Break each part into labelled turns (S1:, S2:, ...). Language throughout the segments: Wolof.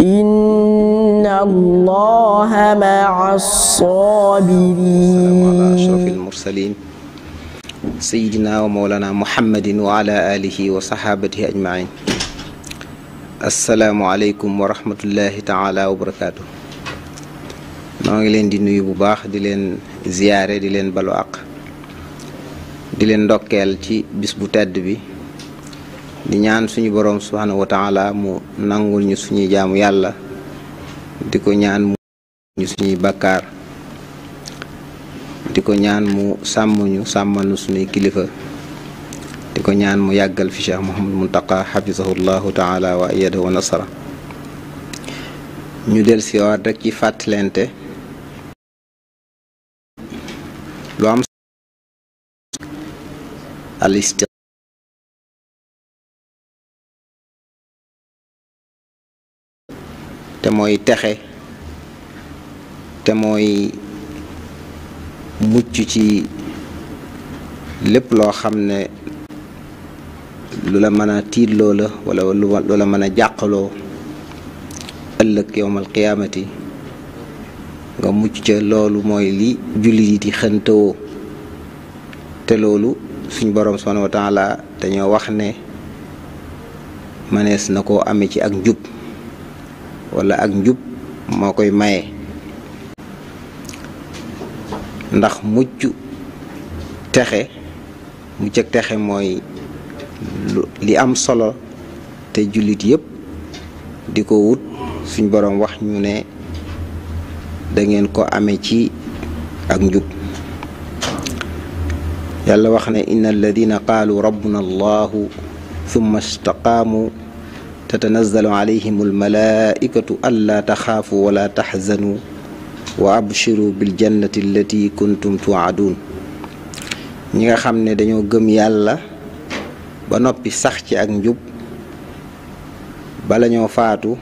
S1: إن الله مع
S2: الصابرين على أشرف المرسلين سيدنا ومولانا محمد وعلى آله وصحابته أجمعين asalaamualeykum wa rahmatullahi taala wa barakaatu maa ngi leen di nuyu bu baax di leen ziyaare di leen balu di leen ndokkeel ci bis bu tedd bi di ñaan suñu boroom subhaanahu wa mu nangul ñu suñuy jaamu yàlla di ko ñaan mu ñu suñuy bàkkaar di ko ñaan mu sàmm sàmmal suñuy kilifa di ko ñaan mu yàggal fi Cheikh Mouhamadou Mountakha xafisahu llahu taala wa ayyadahu wa nasara ñu del siwaat rek ci fàttalente lu am al mooy texe te mooy mucc ci lépp loo xam ne lu la mën a tiitloo la wala lu la mën a jàqaloo ëllëg yowmal qiyaamati nga mucc ca loolu mooy li julli yi di xëntawoo te loolu suñ borom subhanahu wa taala dañoo wax ne mënees na koo ame ci ak njub wala ak njub moo koy maye ndax mucc texe mucc ak texe mooy li am solo te jullit yépp di ko wut suñ boroom wax ñu ne dangeen ko amee ci ak njub yàlla wax ne inna alladina qaalu rabbuna allahu thumma istaqaamu tatanazzalu alayhim almalaaikatu allaa taxaafu wala taxzanu wa abshiru biljannati allati kuntum tuadun ñi nga xam ne dañoo gëm yàlla ba noppi sax ci ak njub bala ñoo faatu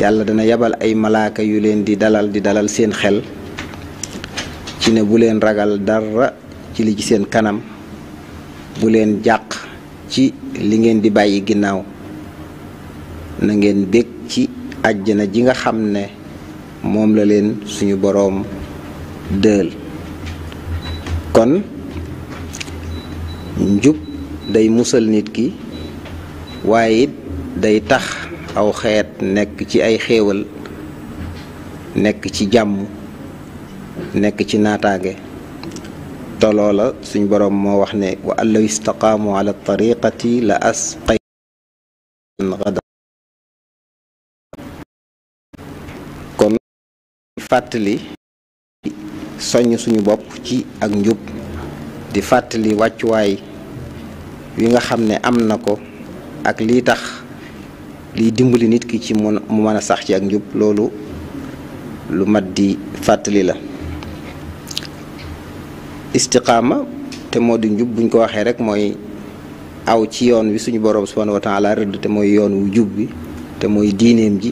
S2: yàlla dana yabal ay malaaka yu leen di dalal di dalal seen xel ci ne bu leen ragal dara ci li ci seen kanam bu leen jàq ci li ngeen di bàyyi ginnaaw na ngeen bég ci àjjana ji nga xam ne moom la leen suñu boroom dël kon njub day musal nit ki waaye day tax aw xeet nekk ci ay xéewal nekk ci jàmm nekk ci naataange te loola suñ boroom moo wax ne wa allaw istaqaamu ala tariqati la asqay fàttali soññ suñu bopp ci ak njub di fàttali wàccuwaay wi nga xam ne am na ko ak lii tax liy dimbali nit ki ci mu mën a sax ci ak njub loolu lu mat di fàttali la istiqaama te moo di njub buñ ko waxee rek mooy aw ci yoon wi suñu boroom subhanahu wa taala rëdd te mooy yoon wu jub bi te mooy diineem ji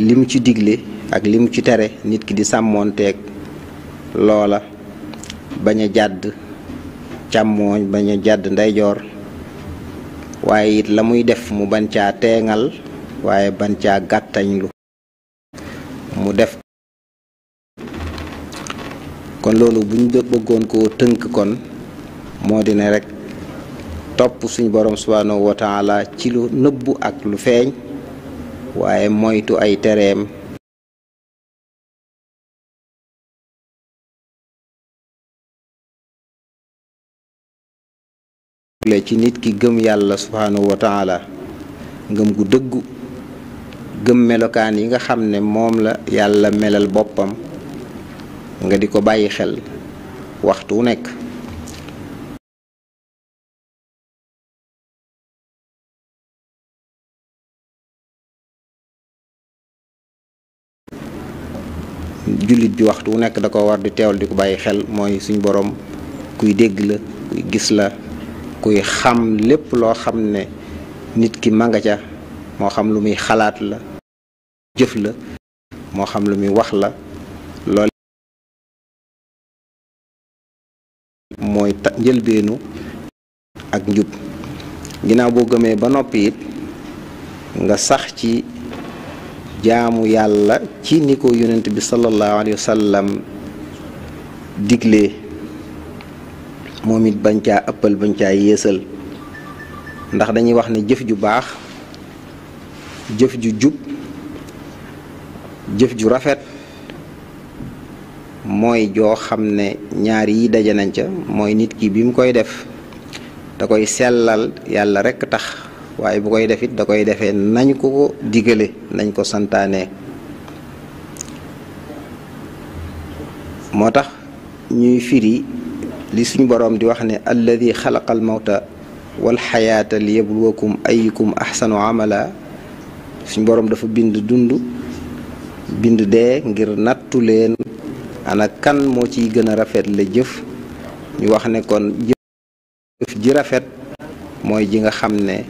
S2: li ci digle ak limu ci tere nit ki di sàmmoonteeg loola bañ a jàdd càmmooñ bañ a jàdd ndeyjoor waaye it la muy def mu bañ caa teengal waaye bañ caa gàttañlu mu def kon loolu bu ñu bëggoon koo tënk kon moo di ne rekk topp suñu boroom subhaanahu wa taala ci lu nëbbu ak lu feeñ waaye moytu ay tereem la ci nit ki gëm yàlla subhaanahu wa taala ngëm gu gëm melokaan yi nga xam ne moom la yàlla melal boppam nga di ko bàyyi xel waxtu wu nekk jullit bi waxtu wu nekk da ko war di teewal di ko bàyyi xel mooy suñ boroom kuy dégg la kuy gis la kuy xam lépp loo xam ne nit ki ma nga ca moo xam lu muy xalaat la jëf la moo xam lu muy wax
S3: la loole mooy
S2: njëlbeenu ak njub ginnaaw boo gëmee ba noppi nga sax ci jaamu yàlla ci niko ko bi sallallahu alayhi wa sallam diglee moom it bañ caa ëppal bañ caa yéesal ndax dañuy wax ne jëf ju baax jëf ju jub jëf ju rafet mooy joo xam ne ñaar yi daje nañ ca mooy nit ki bi mu koy def da koy sellal yàlla rekk tax waaye bu koy def it dakoy defee nañ ko ko digale nañ ko santaane moo tax ñuy firi li suñ boroom di wax ne alladi xalaqa al mawta wal xayaata li yabluwakum ayukum ahsanu amala suñ boroom dafa bind dund bind dee ngir nattu leen ana kan moo ciy gën a rafet la jëf ñu wax ne kon jëf ji rafet mooy ji nga xam ne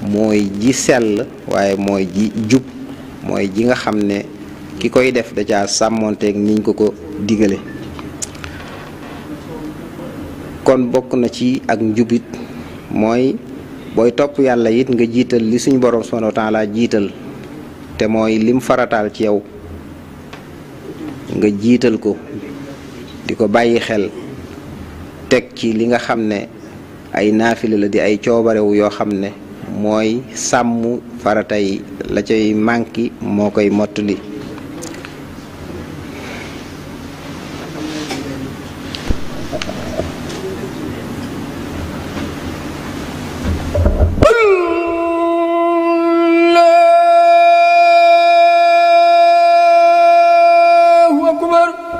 S2: mooy ji sell waaye mooy ji jub mooy ji nga xam ne ki koy def da caa sàmmonteeg niñ ko ko digale kon bokk na ci ak njubit mooy booy topp yàlla yit nga jiital li suñ borom subhanahu wa taala jiital te mooy lim farataal ci yow nga jiital ko di ko bàyyi xel teg ci li nga xam ne ay naafila la di ay coobarewu yoo xam ne mooy sàmm farata yi la cay manki moo koy mottali
S1: akbar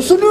S3: sunu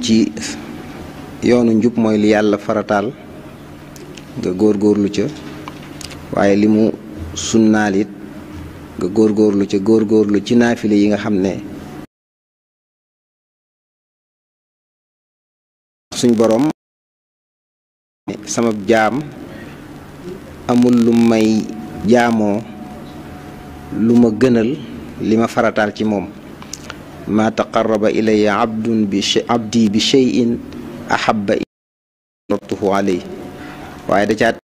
S2: jiitu ci yoonu njub mooy li yàlla farataal nga góorlu ca waaye limu mu sunnaal it nga góorgóorlu ca góorgóorlu ci
S3: naafile yi nga xam ne
S2: suñ boroom sama jaam amul lu may jaamoo lu ma gënal li farataal ci moom maa taqarraba ilaya abdun bi abdi bi cheyin ahaba rabtuhu aley waaye da caa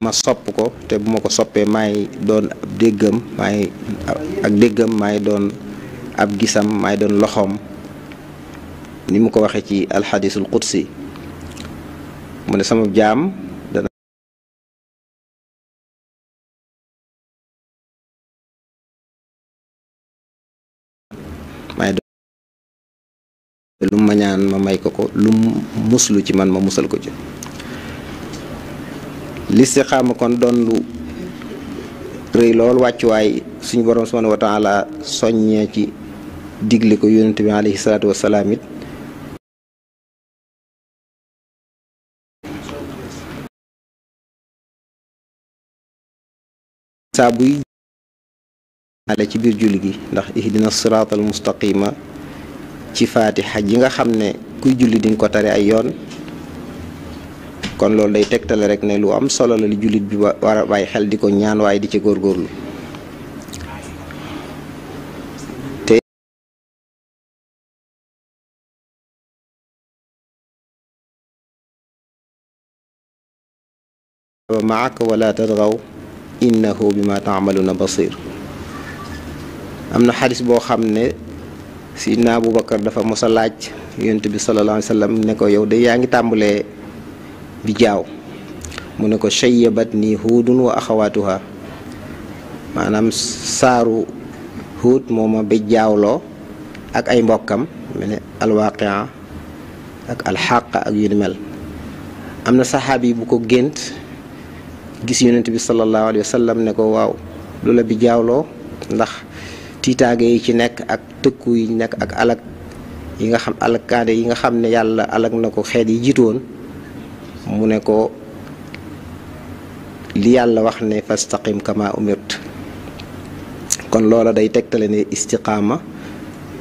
S2: ma sopp ko te bu ma ko soppee maay doon ab déggam maay ak déggam maay doon ab gisam maay doon loxoom ni mu ko waxee ci alxadiisul qudsi mu ne
S3: sama jaam
S2: te lu ma ma may ko ko lu muslu ci man ma musal ko ci listixaama kon doon lu lool wàccuwaay suñu borom subhanahu wa taala soññee ci digle ko yonent bi alayhi salaatu wasalaam ci biir julli gi ndax ihdina siraatal mustaqima ci faatixa yi nga xam ne kuy julli di ko tare ay yoon kon loolu day tegtale rek ne lu am solo la li jullit bi war waay xel di ko ñaan waaye di ci góorgóorlu te ba maak wala tadgaw innahu bima taamaluuna basir am na xadis boo xam ne sidna Abubakar dafa mos a laaj yonent bi sallallahu alayhi wa sallam ne ko yow de yaa ngi tàmbalee bi jaaw mu ne ko shayyabat nii huudun wa axawaatuha maanaam saaru huud moo ma bi jaawloo ak ay mbokkam mu ak alxaq ak yu mel am na yi bu ko gént gis yonent bi sallallahu alayhi wa sallam ne ko waaw lu la bi jaawloo ndax tiitaange yi ci nekk ak tëkku yi nekk ak alak yi nga xam alakaande yi nga xam ne yàlla alak na ko xeet yi jiitu woon mu ne ko li yàlla wax ne fastaqim kama umirt kon loola day tegtale ne istiqaama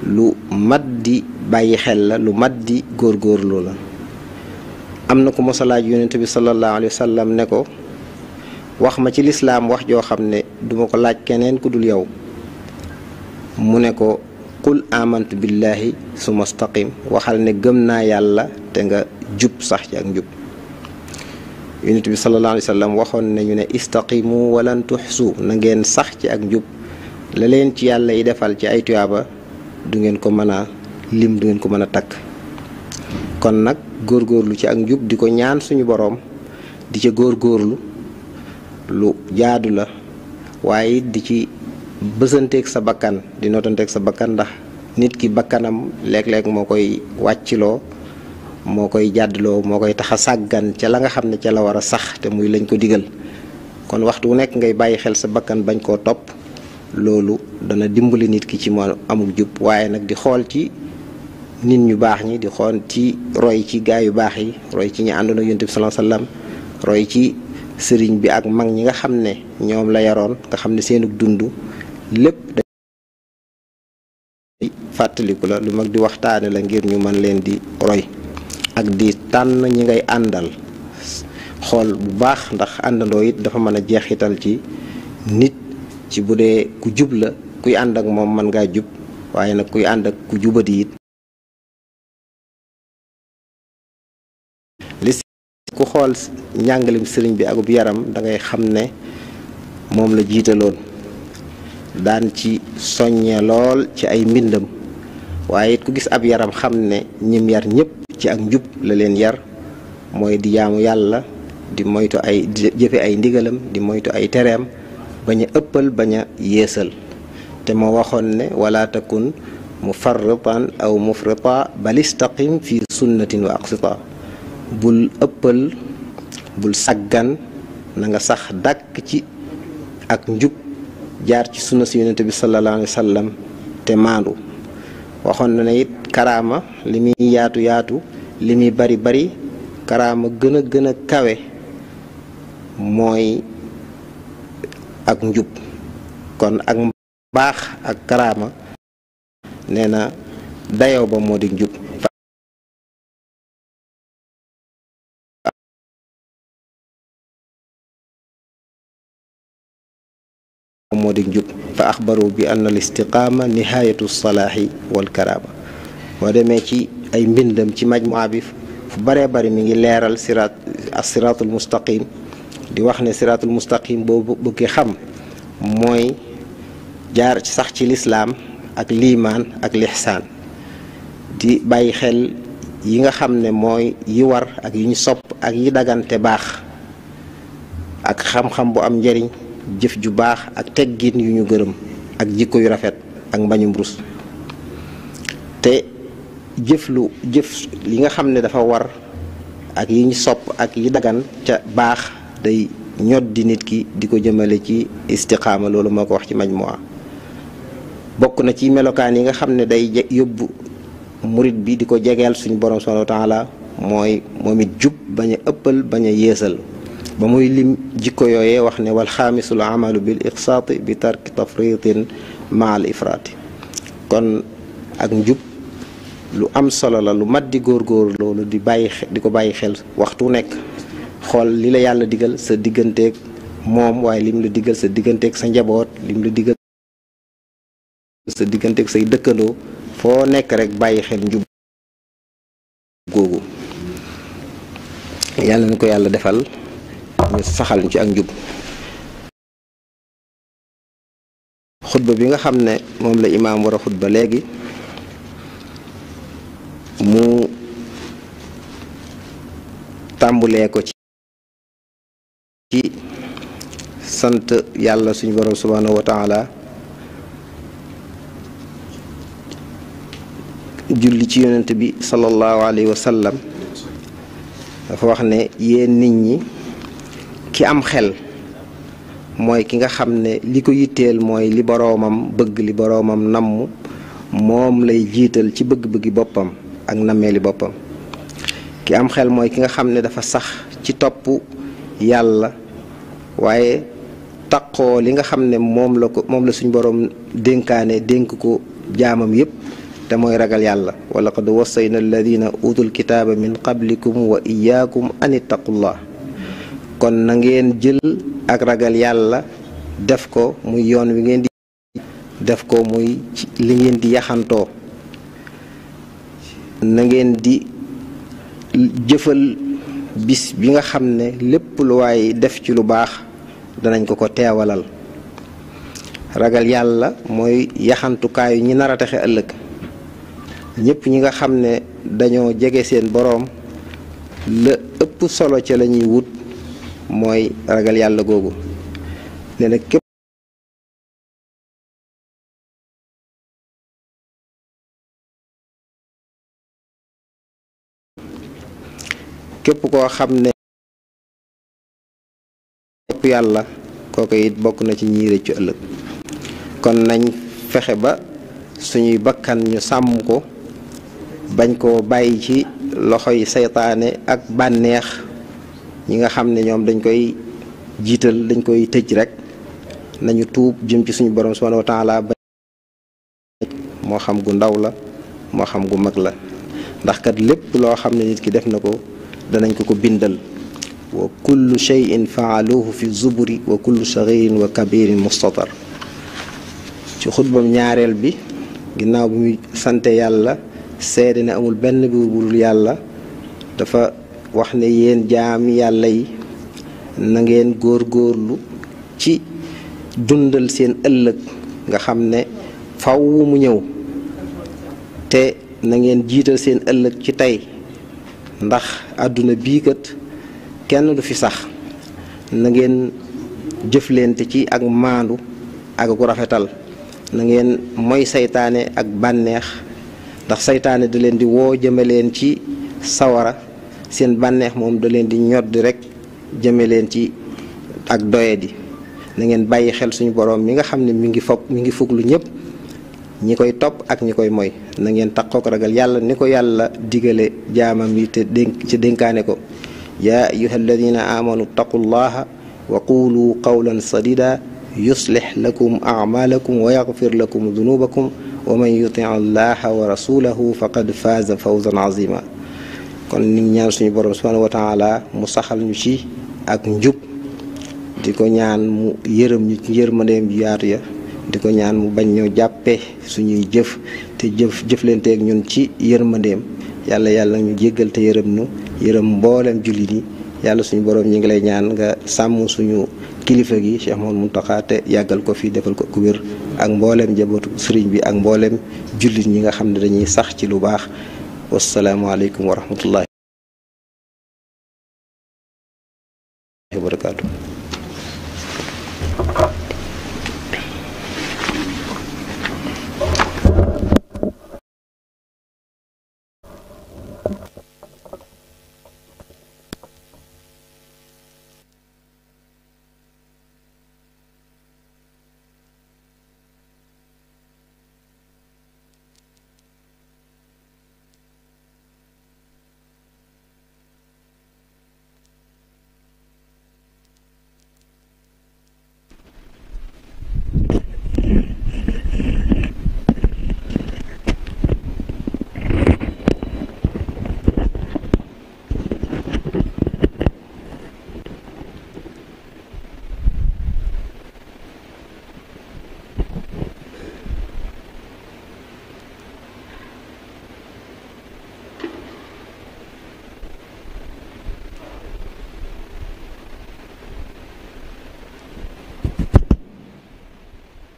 S2: lu mat di bàyyi xel la lu mat di góorgóorlu la am na ku mos laaj yonent bi sallallahu alayhi wa ne ko wax ma ci lislaam wax joo xam ne duma ko laaj keneen ku dul yow mu ne ko qul amantu billahi suma staqim waxal ne gëm naa yàlla te nga jub sax ci ak njub yonent bi sallallahu alayhi wa waxoon nañu ne istaqimu walan tuxsu na ngeen sax ci ak njub la leen ci yàlla yi defal ci ay tuyaaba du ngeen ko mën a lim du ngeen ko mën a takk kon nag góorgóorlu ci ak njub di ko ñaan suñu boroom di ca góorlu lu jaadu la waaye di ci bësanteeg sa bakkan di nootanteeg sa bakkan ndax nit ki bakkanam léeg-léeg moo koy wàcciloo moo koy jàddloo moo koy tax a sàggan ca la nga xam ne ca la war a sax te muy lañ ko digal kon waxtu wu nekk ngay bàyyi xel sa bakkan bañ koo topp loolu dana dimbali nit ki ci mo amul jub waaye nag di xool ci nit ñu baax ñi di xool ci roy ci gaa yu baax yi roy ci ñi àndoon ak yonent bi sallallahu alayhi roy ci sëriñ bi ak mag ñi nga xam ne ñoom la yaroon nga xam ne seenug dund lépp day fàttaliku la lu mag di waxtaane la ngir ñu mën leen di roy ak di tànn ñi ngay àndal xool bu baax ndax àndandoo it dafa mën a jeexital ci nit ci bu dee ku jub la kuy ànd ak moom mën ngaa jub waaye nag kuy ànd ak ku juba it
S3: li ku xool
S2: njàngalim sëriñ bi akub yaram dangay xam ne moom la jiitaloon daan ci soññee lool ci ay mbindam waaye ku gis ab yaram xam ne ñim yar ñëpp ci ak njub la leen yar mooy di jaamu yàlla di moytu ay di ay ndigalam di moytu ay tereem bañ a ëppal bañ a yéesal te moo waxoon ne walaata wala takun mufarritan aw mufrita bal istaqim fi sunnatin wa aqsita bul ëppal bul saggan na nga sax dàkk ci ak njub jaar ci sunna si yonent bi sallallahu alayhi wa te maandu waxoon na ne it karaama li yaatu yaatu limuy bari bari karaama gën a gën a kawe mooy ak njub kon ak baax ak karaama nee na dayoo
S3: ba moo di njub moo
S2: di njub fa axbaru bi anna al istiqaama nihaayatu salaaxi wal karaama boo demee ci ay mbindam ci majmuwa bi fu baree bari mi ngi leeral siraat as siraatul mustaqim di wax ne siraatul mustaqim boobu bëggee xam mooy jaar ci sax ci lislaam ak liimaan ak lixsaan di bàyyi xel yi nga xam ne mooy yi war ak yi ñu sopp ak yi daggante baax ak xam-xam bu am njariñ jëf ju baax ak teggin yu ñu gërëm ak jikko yu rafet ak mbañu rus te jëf lu jëf li nga xam ne dafa war ak yi ñu sopp ak yi dagan ca baax day ñod di nit ki di ko jëmale ci istiqaama loolu moo ko wax ci majmuwa bokk na ci melokaan yi nga xam ne day yóbbu murit bi di ko jegal suñu borom subhanahu wa mooy moom it jub bañ a ëppal bañ a yéesal ba muy lim jikko yooyee wax ne wal xaamisul amalu bil iqsaati bi tarki tafritin ma al ifraati kon ak njub lu am solo la lu mat di góor loolu di bàyyi di ko bàyyi xel waxtu nekk xool li la yàlla digal sa digganteeg moom waaye lim la digal sa digganteek sa njaboot lim la digal sa digganteeg say dëkkandoo foo nekk rekk bàyyi
S3: xel njub googu yàlla na ko yàlla
S2: defal ñu saxal ñu ci ak njub xutba bi nga xam ne moom la imaam war a xutba léegi mu tàmbulee ko ci sant yàlla suñu borom subhaanahu wa taala julli ci yonent bi sallallahu alayhi wa sallam dafa wax ne yéen nit ñi ki am xel mooy ki nga xam ne li ko yitteel mooy li boroomam bëgg li boroomam namm moom lay jiital ci bëgg-bëggi boppam ak nammeeli boppam ki am xel mooy ki nga xam ne dafa sax ci topp yàlla waaye taqoo li nga xam ne moom la ko moom la suñ boroom dénkaane dénk ko jaamam yépp te mooy ragal yàlla wa laqad wasayna alladina utul kitaaba min qablikum wa iyaakum an ittaqullah kon na ngeen jël ak ragal yàlla def ko muy yoon wi ngeen di def ko muy li ngeen di yaxantoo na ngeen di jëfal bis bi nga xam ne lépp lu waay def ci lu baax danañ ko ko teewalal ragal yàlla mooy yaxantukaayu ñi nar a texe ëllëg ñëpp ñi nga xam ne dañoo jege seen boroom la ëpp solo ca lañuy wut mooy ragal yàlla googu nee na képp
S3: képp koo xam ne
S2: képp yàlla kooku it bokk na ci ñi ci ëllëg kon nañ fexe ba suñuy bakkan ñu sàmm ko bañ koo bàyyi ci loxo yi seytaane ak bànneex ñi nga xam ne ñoom dañ koy jiital dañ koy tëj rek nañu tuub jëm ci suñu borom subhanahu wa taala ba moo xam gu ndaw la moo xam gu mag la ndax kat lépp loo xam ne nit ki def na ko danañ ko ko bindal wa kullu cheyin faaluhu fi zuburi wa kullu sagirin wa kabirin mustatar ci xutbam ñaareel bi ginnaaw bi muy sante yàlla seede ne amul benn buur bu dul yàlla dafa wax ne yéen jaam yàlla yi nangeen góor góorlu ci dundal seen ëllëg nga xam ne faw mu ñëw te na ngeen jiital seen ëllëg ci tey ndax àdduna bii kat kenn du fi sax na ngeen jëflante ci ak maandu ak ku rafetal na ngeen mooy saytaane ak bànneex ndax seytaane da leen di woo jëme leen ci sawara seen bànneex moom da di ñor rek jëme leen ci ak doyadi na ngeen bàyyi xel suñu boroom mi nga xam ne mi ngi foog mi ngi fuglu ñëpp ñi koy topp ak ñi koy moy na ngeen takkook ragal yàlla ni ko yàlla digale jaamam yi te dénk ci dénkaane ko ya ayuha alladina amanu taqullaha wa qulu qawlan sadida yuslix lakum acmaalakum wa yaxfir lakum dunubakum wa man yutic allaha wa rasulahu faqad faaza fawzan azima kon ñu ñaan suñu borom subhanahu wa taala mu saxal ñu ci ak njub di ko ñaan mu yërëm ñu ci yërmandeem yaatu ya di ko ñaan mu bañ ñoo jàppee suñuy jëf te jëf jëflanteeg ñun ci yërmandeem yàlla yàlla ñu jéggal te yërëm nu yërëm mbooleem jullit yi yàlla suñu borom ñu ngi lay ñaan nga sàmm suñu kilifa gi Cheikh Mouhamadou Mountakha te yàggal ko fi defal ko ku ak mbooleem njabootu sëriñ bi ak mbooleem jullit ñi nga xam ne dañuy sax ci lu baax. wasalaamualeykum wa rahmatullah